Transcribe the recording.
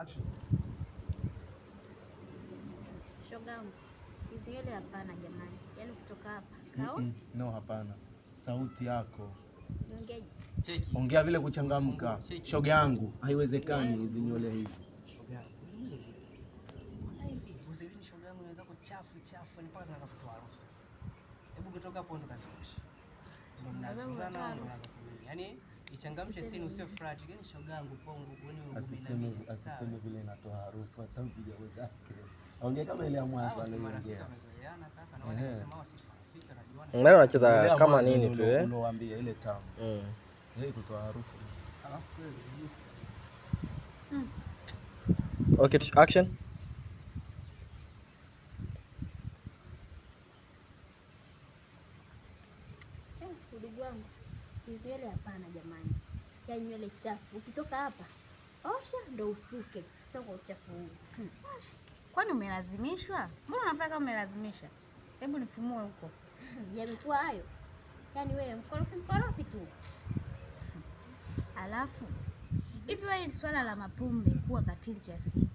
Action. Shogangu, hizi hapana jamani. Yaani kutoka hapa. Kao? Mm -mm. No, hapana. Sauti yako. Ongea. Cheki. Ongea vile kuchangamka. Shoga yangu, haiwezekani hizi nywele hizi. chafu, yaani ichangamshe sini usio Gani shoga yangu pongo, kwani asiseme vile inatoa harufu, hata mpiga wenzake aongea kama ile ya mwanzo aliongea. Nani anacheza kama nini tu eh, unawaambia ile tamu mm. ile kutoa harufu. Hmm. Okay, action. Udugu eh, wangu, hizi nywele hapana jamani, ya nywele chafu ukitoka hapa osha ndo usuke, sio kwa uchafu huu hmm. Kwani umelazimishwa? Mbona unafanya kama umelazimisha? Hebu nifumue huko. Hmm, yamekuwa hayo, yaani wewe mkorofi mkorofi tu. Alafu hivi wewe, swala la mapumbe kuwa katili kiasi hiki